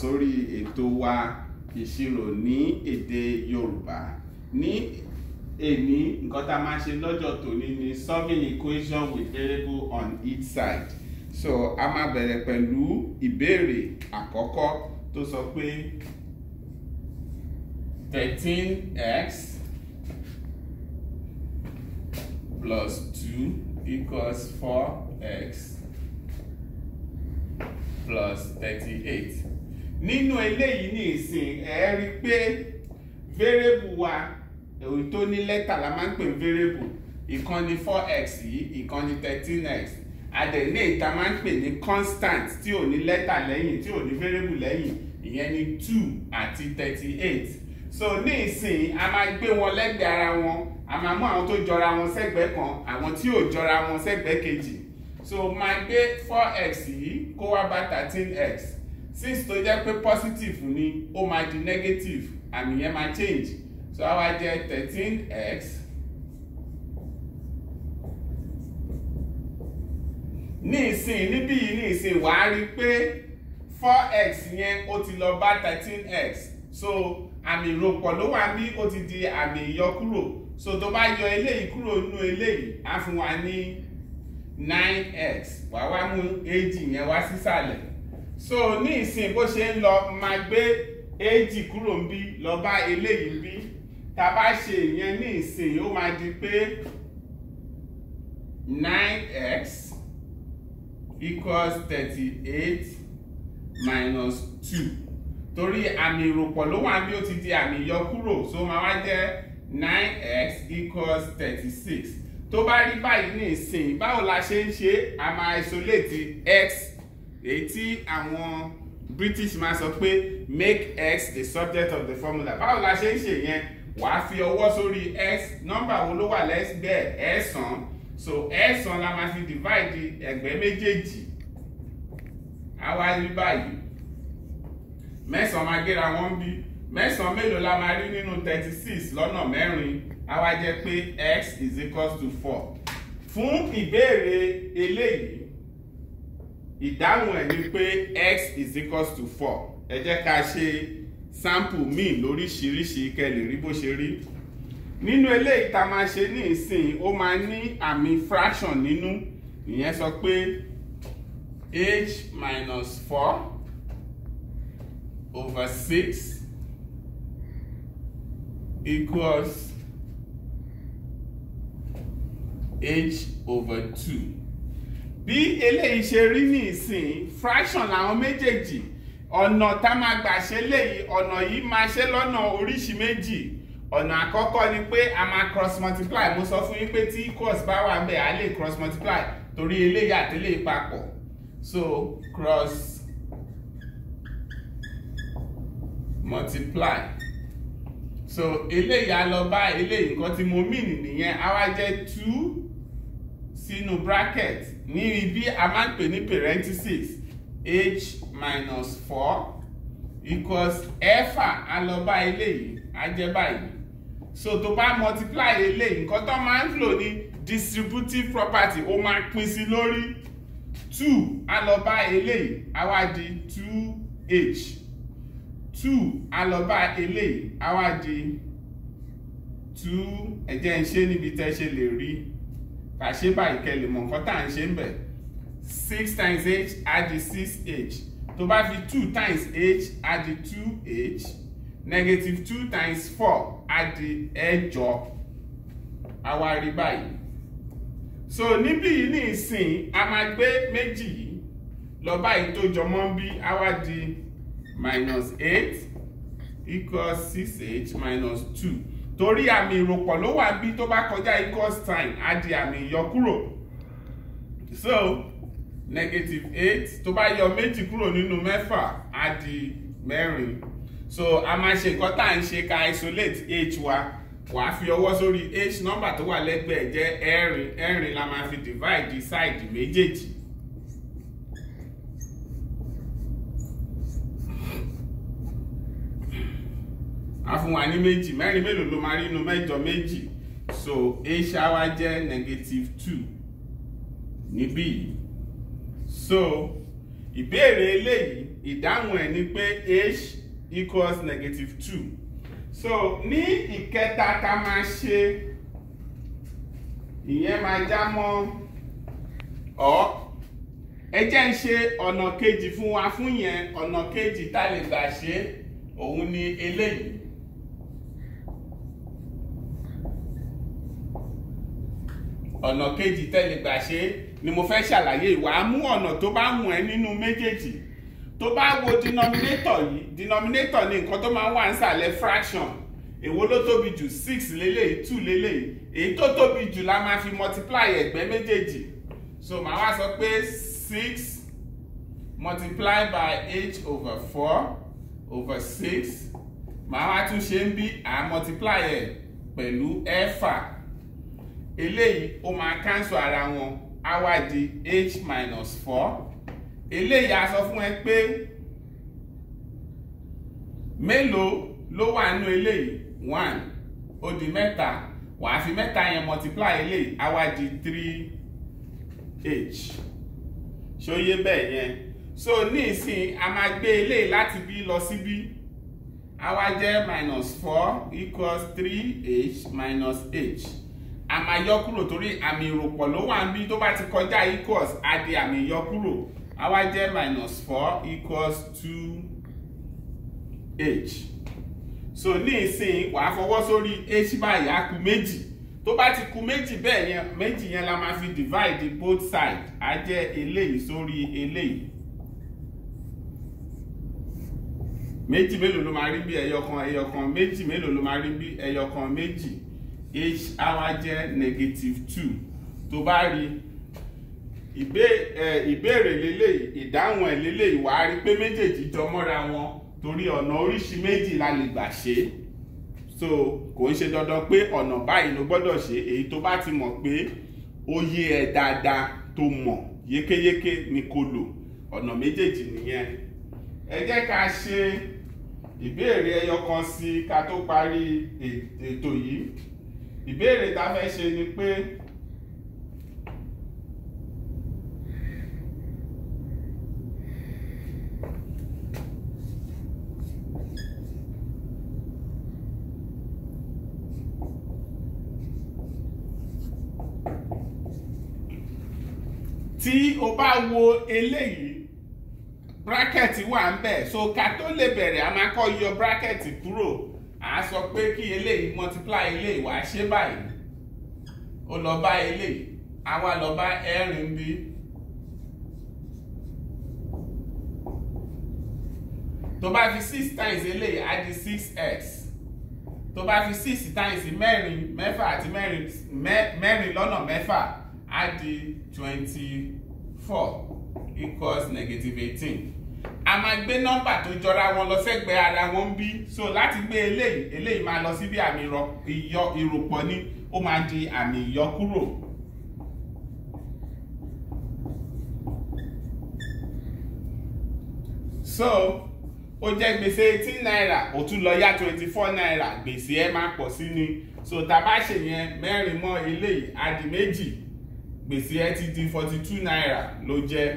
sórí ètò wa ìṣirò ní èdè Yorùbá ní èmi nǹkan tá a máa ṣe lọ́jọ́ tòní ni solving equation with variable on each side so a máa bẹ̀rẹ̀ pẹ̀lú ìbéèrè àkọ́kọ́ tó sọ pé thirteen x plus two equals four x plus thirty-eight nínú eléyìí ní ìsìn ẹ rí pé variable wa èyí tó ní lẹ́tà la máa ń pè variable ìkan 4x yìí ìkan ní 13x àdẹ̀lé ìta máa ń pè ní constant tí ò ní lẹ́tà lẹ́yìn tí ò ní variable lẹ́yìn ìyẹn ní 2 àti 38 so ní ìsìn a máa gbé wọn lẹ́gbẹ̀ẹ́ ara wọn a máa mú àwọn tó jọra wọn sẹ́gbẹ̀ẹ́ kan àwọn tí ò jọra wọn sẹ́gbẹ̀ẹ́ kejì so máa gbé 4x yìí kó wá bá 13x since tó jẹ́ pé positive ni ó máa di negative àmì yẹn máa change so á wá jẹ́ thirteen x ní ìsìn níbí yìí ní ìsìn wàá rí pé four x yẹn ó ti lọ bá thirteen x so àmì ìròpọ̀ ló wà bí ó ti di àmì ìyọkúrò so tó bá yọ eléyìí kúrò nínú eléyìí á fún wa ní nine x wàá wá mú èjì yẹn wá sísàlẹ̀ so ní ìsìn bó ṣe ń lọ máa gbé éjì kúrò ń bí lọ bá eléyìí ń bí tá a bá ṣe ìyẹn ní ìsìn ó máa di pé nine x equals thirty eight minus two torí àmì ìròpọ̀ ló wà bí ó ti di àmì ìyọkúrò so máa wá jẹ́ nine x equals thirty six tó bá rí báyìí ní ìsìn báwo la ṣe ń ṣe a máa isolate x èyí tí àwọn British máa sọ pé make x the subject of the formula báwo la ṣe ń ṣe yẹn wàá fi ọwọ́ sórí x nọ́mbà wo ló wà lẹ́gbẹ̀ẹ́ ẹ̀sán so ẹ̀sán la máa fi divide ẹ̀gbẹ́ méjèèjì á wá rí báyìí mẹ́sàn-án máa gẹ́ra wọn bí mẹ́sàn-án mélòó la máa rí nínú thirty six lọ́nà mẹ́rin á wá jẹ́ pé x is equal to four fún ìbéèrè eléyìí ìdáhùn ẹ̀ ni pé x is equals to four ẹ jẹ́ ká ṣe sample mean. lóríṣiríṣi kẹ́ lè rí bó ṣe rí nínú eléyìí tá máa ṣe ní ìsìn ó máa ní àmì fraction nínú ìyẹn sọ pé h minus four over six equals h over two bí eléyìí ṣe rí ní fraction làwọn méjèèjì ọ̀nà tá máa gbà ṣe léyìí ọ̀nà yìí máa ṣe lọ́nà oríṣi méjì ọ̀nà àkọ́kọ́ ni pé a máa cross multiply mo sọ fún yín pé tí equals bá wà bẹ́ẹ̀ a lè cross multiply torí eléyìí àti eléyìí papọ̀ so cross multiply so eléyìí á lọ bá eléyìí nǹkan tí mo mean nìyẹn á wá jẹ́ two sínú bracket ní ibi a máa ń pè ní parenthesis h minus four equals ẹ̀fà a lọ bá eléyìí a jẹ́ báyìí so tó bá multiply eléyìí nǹkan tó máa ń lò ní distributive property ó máa pín sí lórí two a lọ bá eléyìí a wá di two h two a lọ bá eléyìí a wá di two ẹ̀jẹ̀ ń ṣe níbi tẹ́ ṣe lè rí ká ṣe báyìí kẹ́ lè mọ̀ nǹkan tá à ń ṣe ń bẹ̀ six times h á di six h tó bá fi two times h á di two h negative two times four á di ẹ̀jọ a wá rí báyìí so níbí yìí ní ìsìn a máa gbé méjì yìí lọ báyìí tó jọmọ́ bí á wá di minus eight equals six h minus two torí àmì ìròpọ̀ ló wà bí tó bá kọjá equal sign á di àmì ìyọkúrò so negative eight tó bá yọ méjì kúrò nínú mẹ́fà á di mẹ́rin so a máa ṣe nǹkan tá à ń ṣe ká isolate h wa wàá fi ọwọ́ sórí h number tó wà lẹ́gbẹ̀ẹ́ jẹ́ ẹ̀rin ẹ̀rin la máa fi divide di side méjèèjì á fún wa ní méjì mẹ́rin mélòó ló máa rí inú mẹ́jọ méjì so aṣa wa jẹ́ negative two níbí yìí so ìbéèrè eléyìí ìdáhùn ẹ̀ ni pé h equals negative two so ní ìkẹta tá máa ṣe ìyẹn máa já mọ́ ọ́ ẹ jẹ́ ń ṣe ọ̀nà kejì fún wa fún yẹn ọ̀nà kejì tá lè gbà ṣe òun ni eléyìí ọ̀nà kejì tẹ́lẹ̀ gbà ni mo fẹ́ ṣàlàyé ìwà á mú ọ̀nà tó bá wù ẹ́ nínú méjèèjì tó bá wo denominator yìí denominator ni nǹkan tó máa ń wà nísàlẹ̀ fraction èwo ló tóbi jù six lélẹ́yìí two lélẹ́yìí èyí tó tóbi jù la máa fi multiply ẹ̀gbẹ́ méjèèjì so màá wá sọ pé six multiply by eight over four over six màá wá tún ṣe ń bí à multiply ẹ̀ pẹ̀lú ẹ̀fà. E eléyìí ó máa cancel ara wọn á wá di h minus four eléyìí a sọ fún ẹ pé mélòó ló wà nínú eléyìí one ó di mẹ́ta wàá fi mẹ́ta yẹn multiply eléyìí á wá di three h ṣó yé bẹ́ẹ̀ yẹn so ní ìsìn a máa gbé eléyìí láti bí lọ sí bí a wá jẹ́ minus four equals three h minus h a máa yọ kúrò torí àmì ìròpọ̀ ló wà níbí tó bá ti kọjá equals a di àmì ìyọ kúrò a wá jẹ́ minus four equals two h so ní ìsìn wàá fọwọ́ sórí h báyìí á kù méjì tó bá ti kù méjì bẹ́ẹ̀ yẹn méjì yẹn la máa fi divide both sides á jẹ́ eléyìí sórí eléyìí méjì mélòó ló máa rí bí ẹyọkan ẹyọkan méjì mélòó ló máa rí bí ẹyọkan méjì h á wá negative two tó bá rí ìbéèrè lélẹ́yìí ìdáhùn ẹ̀ lélẹ́yìí wàá rí pé méjèèjì jọ mọ́ra wọn torí ọ̀nà oríṣi méjì la lè gbà ṣe so kò ń ṣe dandan pé ọ̀nà báyìí ló gbọ́dọ̀ ṣe èyí tó bá ti mọ̀ pé ó yé ẹ dáadáa tó mọ̀ yékéyéké ni kó lò ọ̀nà méjèèjì nìyẹn ẹ jẹ́ ká ṣe ìbéèrè ẹyọ kan sí ká tó parí ètò yìí ìbéèrè tá a fẹ́ ṣe ni pé tí o bá wo eléyìí bracket wà ń bẹ̀ so ká tó lè bẹ̀rẹ̀ a máa kọ́ yọ bracket kúrò à á sọ pé kí eléyìí multiply eléyìí wàá ṣe báyìí ó lọ bá eléyìí àwa lọ bá ẹ̀rin bí. tó bá fi six times eléyìí á di six x tó bá fi six times mẹ́rin mẹ́fà àti mẹ́rin mẹ́rin lọ́nà mẹ́fà á di twenty four equals negative eighteen a máa gbé nọ́mbà tó jọra wọn lọ sẹ́gbẹ̀ẹ́ ara wọn ń bí so láti gbé eléyìí eléyìí máa lọ síbi àmì ìyọ ìròpọ̀ ni ó máa di àmì ìyọkúrò. so ó jẹ́ gbèsè eighteen naira ó tún lọ yá twenty four naira gbèsè ẹ̀ máa pọ̀ sí ni so tá a bá ṣèyẹn mẹ́rin mọ́ eléyìí á di méjì gbèsè ẹ̀ ti di forty two naira ló jẹ́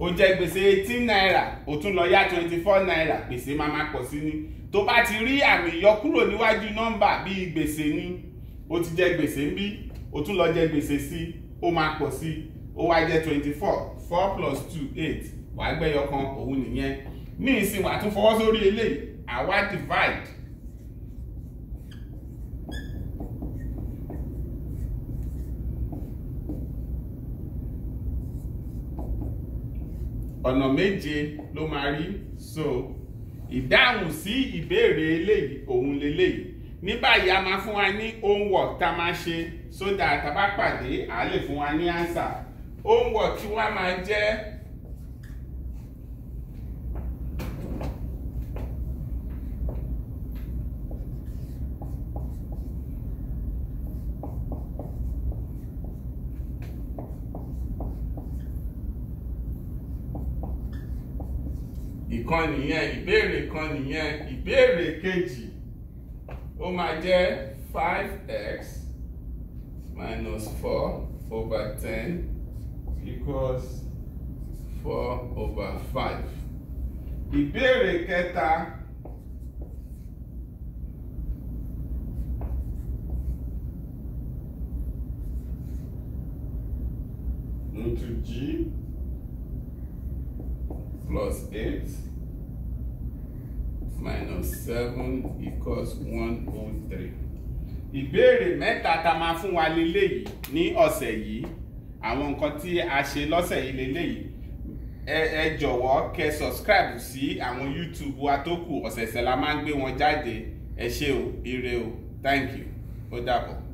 o jẹ gbèsè eighteen naira o tún lọ yá twenty four naira gbèsè máa ma pọ̀ sí ni tó bá ti rí àmì ìyọkúrò níwájú nọ́mbà bíi gbèsè ni o ti jẹ gbèsè ń bí o tún lọ jẹ gbèsè sí O máa pọ̀ sí ó wá jẹ twenty four four plus two eight wàá gbẹ́yọ kan òun nìyẹn ní ìsìn wàá tún fọwọ́ sórí eléyìí àwa divide ọ̀nà méje ló máa rí so ìdáhùn sí ìbéèrè eléyìí òun leléyìí ní báyìí a máa fún wa ní homework tá a máa ṣe so that tá a bá pàdé a lè fún wa ní answer homework tí wọ́n máa jẹ́ ìkan nìyẹn ìbéèrè kan nìyẹn ìbéèrè kejì ó máa jẹ́ five x minus four over ten equals four over five ìbéèrè kẹta. into G plus 8 minus 7 equals 103. Ìbéèrè mẹ́ta ta máa fún wa leléyìí ní ọ̀sẹ̀ yìí. Àwọn nǹkan tí a ṣe lọ́sẹ̀ yìí leléyìí. Ẹ ẹ jọ̀wọ́ kẹ́ subscribe sí àwọn YouTube wa tó kù ọ̀sẹ̀ẹ̀sẹ̀ la máa ń gbé wọn jáde. Ẹ ṣé o, ire o, thank you, ó dàbọ̀.